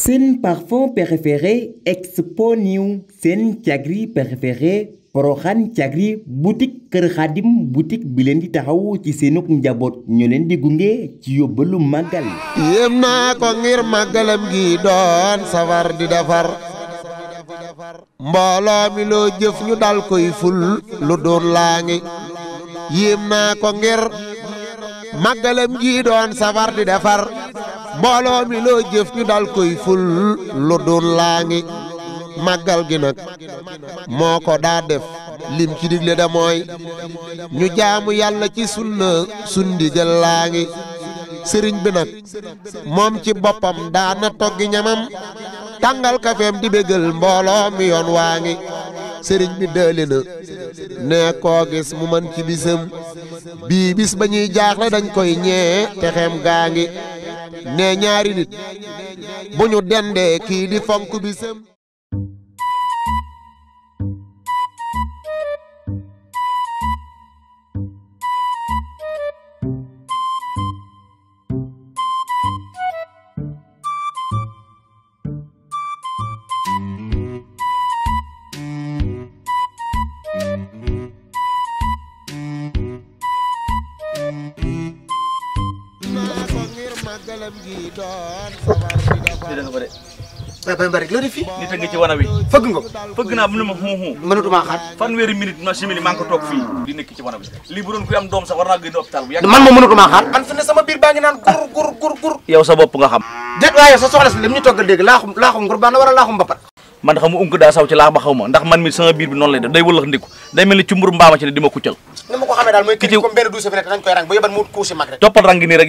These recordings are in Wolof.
seen parfum préféré expo new seen cagri préféré Porokhane Cagri boutique Kër Xaadim boutique bi leen di taxaw ci seenug njaboot ñu leen di gunge ci yóbbalu màggal yéem naa ko ngir màggalam gi doon safar di defar mbooloo mi loo jëf ñu dal koy ful lu doon ngi yéem naa ko ngir màggalam gi doon safar di defar mbooloo mi loo jëf ñu dal koy ful lu dul laa ngi màggal gi nag moo ko daa def lim ci digle da ñu jaamu yàlla ci sunna sun digal laa ngi sëriñ bi nag moom ci boppam daana toggi ñamam tàngal kafeem di bégal mbooloo mi yoon waa ngi sëriñ bi dëli na ne koo gis mu mën ci bisam bii bis ba ñuy jaaxle dañ koy ñee te gaa ngi ne ñaari nit bu dendee kii di fonk bisam lii dafa bëri. waaw Baye Mbary loo def fii. nit a ngi ci wana wi. fëgg nga ko. fëgg naa mënuma xuuxu. mënatuma xaar. fanweeri minute ma simili maa ngi ko toog fii. li man moom mënatuma xaar. man fi sama biir baa ngi naan gur gur gur gur. yow nga xam. déet waaye sa soxla si lim ñu togg a dégg laaxum laaxum ngurbaan la wala laaxum bapat. man xam nga unk daa saw ci laax ba xaw ma ndax man mi sama biir bi noonu day wëlax ndiku day mel ni ci mbaama ci ne di ma kuccal. ni toppal rang nii rek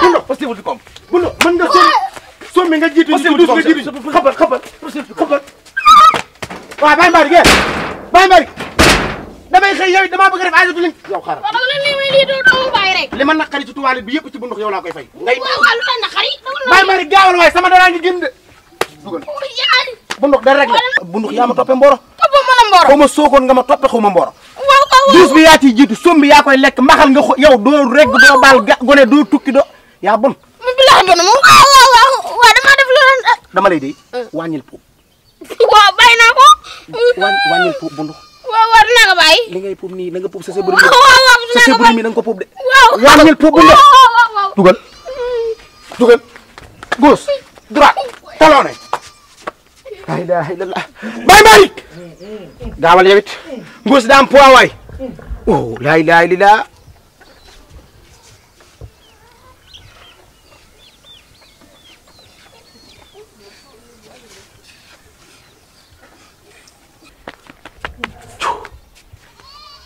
mun na possible du nga som nga jiitu ñu nga jiitu xabal xabal xabal waaw Baye gee Baye Mbari damay xëy yow damaa bëgg a def aajatu liñ li ma naqari ci bi yëpp ci bundux yow laa koy fay ngay waaw lu la naqari Baye Mbari gaawal waay sama dara ngi génn de bundux dara rek bundux yaa ma toppe mbooro toppe ma la mbooro xaw ma sookoon nga ma toppe xaw ma mbooro duus bi yaa ciy jiitu som bi yaa koy lekk maxal nga yow doo reg baal gone doo tukki doo yaa bon. man bi laa bon moom waaw waaw waaw waaw damaa def loolu dama lay dee. Mm. wàññil puub. waaw bàyyi naa ko. wàññil puub bu ndox. waaw waaw dinaa ko bàyyi. li puub nii na puub sa sëbëri mi. waaw ko bàyyi sa puub de. waaw wàññil puub bu dugal dugal gauche droite talonné. la ilaha illallah bay bay. daawal yow it. gauche daa am poids waay. oh la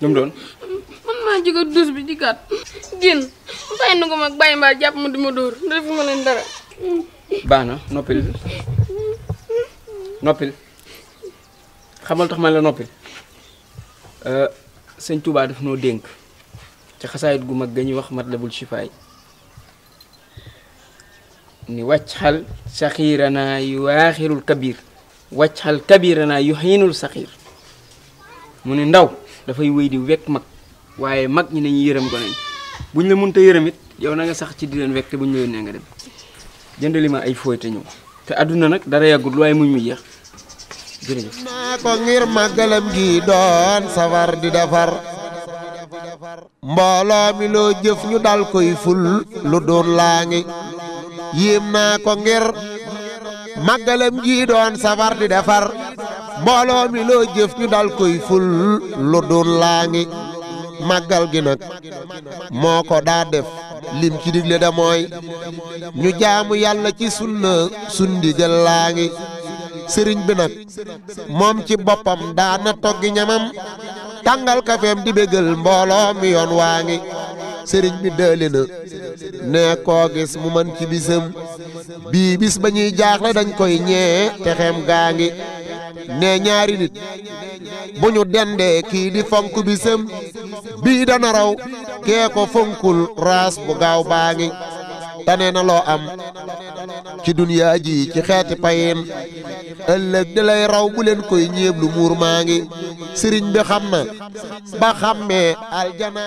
lu doon. man maa jóge douche bi dikkaat génn bàyyi na ko mag bàyyi mbaa jàpp ma di ma dóor defu ma leen dara. baax noppil noppil xamal tax man la noppil euh, sëñ Touba daf noo dénk ci xasaayit gu mag ga ñuy wax matlabul shifaay ni wàccal saxiiranaa yu waaxirul kabir wàccal kabiranaa yu xiinul saxiir mu ni ndaw dafay wéy di wekk mag waaye mag ñi nañu yërëm gone yi bu ñu la mënta yërëm it yow na nga sax ci di leen wekk te bu ñu la yónnee nga dem jëndali ma ay fooy te ñëw te àdduna nag dara yàggut waaye muñ mu jeex jërëjëf. naa gi doon safar di defar mbooloo mi loo jëf ñu dal koy ful lu doon laa ngi yéem naa ko ngir màggalam gi doon safar di defar. mbooloo mi loo jëf ñu dal koy fullu lu laa ngi màggal gi nag moo ko daa def lim ci digle da ñu jaamu yàlla ci sunna di jël laa ngi sëriñ bi nag moom ci boppam daana toggi ñamam tàngal kafeem di bégal mbooloo mi yoon waa ngi sëriñ bi dëëli na ne koo gis mu mën ci bisam bii bis ba ñuy jaaxle dañ koy ñee te gaa ngi ne ñaari nit bu ñu dendee kii di fonk bi bisam bii dana raw kee ko fonkul raas bu gaaw baa ngi tane am ci duniyaa ji ci xeeti payin ëllëg di lay raw bu leen koy ñéeblu muur maa ngi sëriñ bi xam na ba xàmmee aljanaa